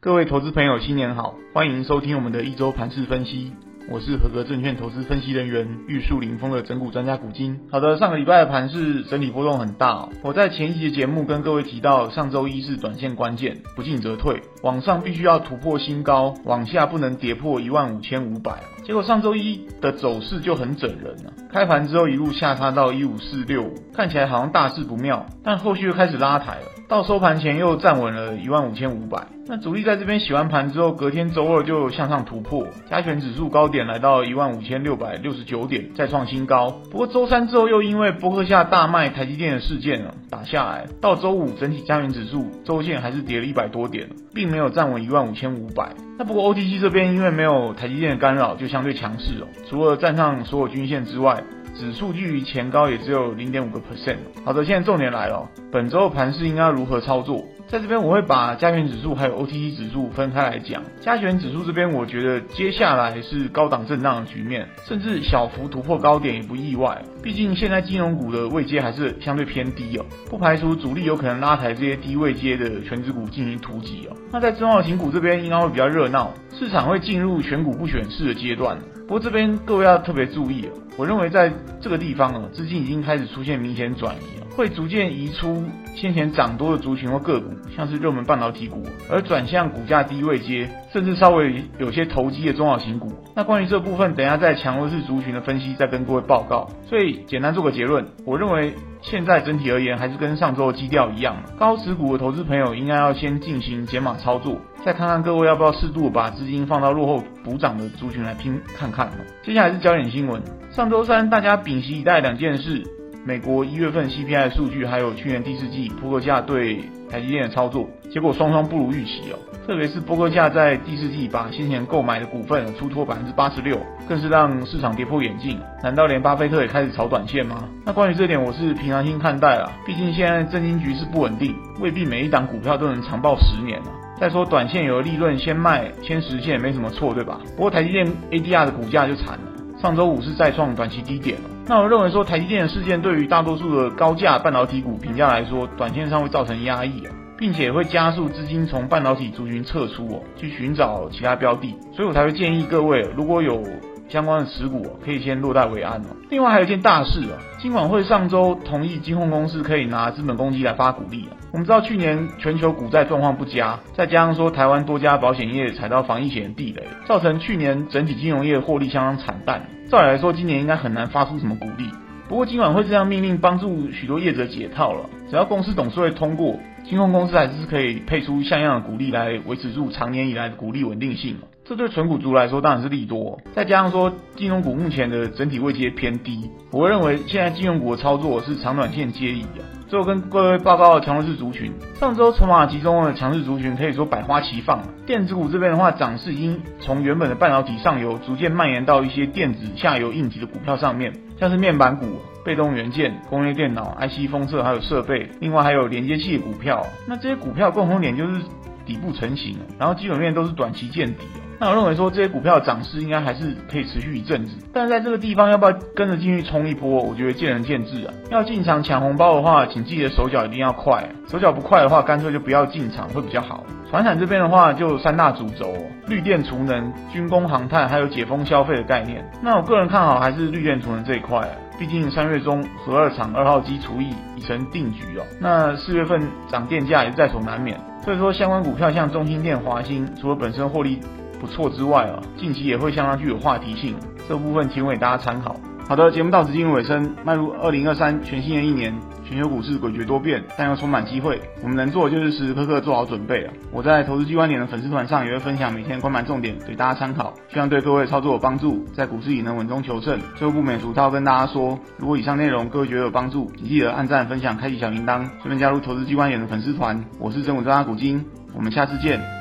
各位投資朋友，新年好！歡迎收聽我們的一周盤勢分析，我是合格證券投資分析人員玉樹臨風的拯股專家股晶。好的，上個禮拜的盤勢整體波動很大喔，我在前一集的節目跟各位提到，上周一是短線關鍵，不進則退，往上必須要突破新高，往下不能跌破一萬五千五百。結果上周一的走勢就很整人了啊，開盤之後一路下殺到一五四六五，看起來好像大勢不妙，但後續又開始拉抬了。到收盤前又站穩了一萬五千五百。那主力在這邊洗完盤之後，隔天周二就向上突破，加權指數高點來到一萬五千六百六十九點，再創新高。不過周三之後又因為波克夏大賣台積電的事件、啊、打下來。到周五整體加權指數周線還是跌了一百多點，並沒有站穩一萬五千五百。那不過 OTC 這邊因為沒有台積電的干擾，就相對強勢哦，除了站上所有均線之外，指數距離前高也只有零點五個 percent。好的，現在重點來了哦，本周的盤勢應該如何操作？在這邊我會把加權指數還有 OTC 指數分開來講。加權指數這邊，我覺得接下來是高檔震盪的局面，甚至小幅突破高點也不意外。畢竟現在金融股的位階還是相對偏低哦，不排除主力有可能拉抬這些低位階的權值股進行突擊哦。那在中小型股這邊應該會比較熱鬧，市場會進入選股不選市的階段。不過這邊各位要特別注意我認為在這個地方啊，資金已經開始出現明顯轉移啊，會逐漸移出先前漲多的族群或個股，像是熱門半導體股，而轉向股價低位階，甚至稍微有些投機的中小型股。那關於這部分，等一下在強弱勢族群的分析再跟各位報告。所以簡單做個結論，我認為現在整體而言還是跟上周的基調一樣，高持股的投資朋友應該要先進行減碼操作。再看看各位要不要適度把資金放到落後補漲的族群來拼看看。接下來是焦點新聞。上周三大家屏息以待兩件事：美國一月份 CPI 數據，還有去年第四季波克夏對台積電的操作。結果雙雙不如預期哦。特別是波克夏在第四季把先前購買的股份出脫百分之八十六，更是讓市場跌破眼鏡。難道連巴菲特也開始炒短線嗎？那關於這點，我是平常心看待啊。畢竟現在政經局勢不穩定，未必每一檔股票都能長抱十年啊再說短線有利潤，先賣先實現沒什麼錯，對吧？不過台積電 ADR 的股價就慘了，上週五是再創短期低點了。那我認為說台積電的事件對於大多數的高價半導體股評價來說，短線上會造成壓抑，並且會加速資金從半導體族群撤出，去尋找其他標的。所以我才會建議各位，如果有。相關的持股、啊、可以先落袋為安、啊、另外還有一件大事、啊、金管會上周同意金控公司可以拿資本公積來發股利了。我們知道去年全球股債狀況不佳，再加上說台灣多家保險業踩到防疫險的地雷，造成去年整體金融業獲利相當慘淡。照理來說，今年應該很難發出什麼股利。不過金管會這樣命令，幫助許多業者解套了。只要公司董事會通過，金控公司還是可以配出像樣的股利來，維持住長年以來的股利穩定性。這對存股族來說當然是利多，再加上說金融股目前的整體位置也偏低，我認為現在金融股的操作是長短線皆宜啊。最後跟各位報告的強勢族群，上周籌碼集中的強勢族群可以說百花齊放。電子股這邊的話，漲勢已經從原本的半導體上游，逐漸蔓延到一些電子下游硬體的股票上面，像是面板股、被動元件、工業電腦、IC 封測還有設備，另外還有連接器的股票。那這些股票共同點就是。底部成型，然後基本面都是短期見底，那我認為說這些股票漲勢應該還是可以持續一陣子，但是在這個地方要不要跟着進去衝一波，我覺得見仁見智啊。要進場搶紅包的話，請記得手腳一定要快，手腳不快的話，乾脆就不要進場會比較好。傳產這邊的話，就三大主軸：綠電儲能、軍工航太，還有解封消費的概念。那我個人看好還是綠電儲能這一塊。畢竟三月中核二廠二號機除役已成定局哦，那四月份漲電價也在所難免。所以說相關股票像中興電、華興，除了本身獲利不錯之外哦、啊，近期也會相當具有話題性。這部分提供給大家參考。好的，節目到此進入尾聲，邁入二零二三全新的一年。全球股市詭譎多變，但又充滿機會。我們能做的就是時時刻刻做好準備。我在投資 G 觀點的粉絲團上也會分享每天觀盤重點，給大家參考，希望對各位操作有幫助，在股市也能穩中求勝。最後不免俗，要跟大家說，如果以上內容各位覺得有幫助，請記得按贊、分享、開啟小鈴鐺，順便加入投資 G 觀點的粉絲團。我是拯股專家股晶，我們下次見。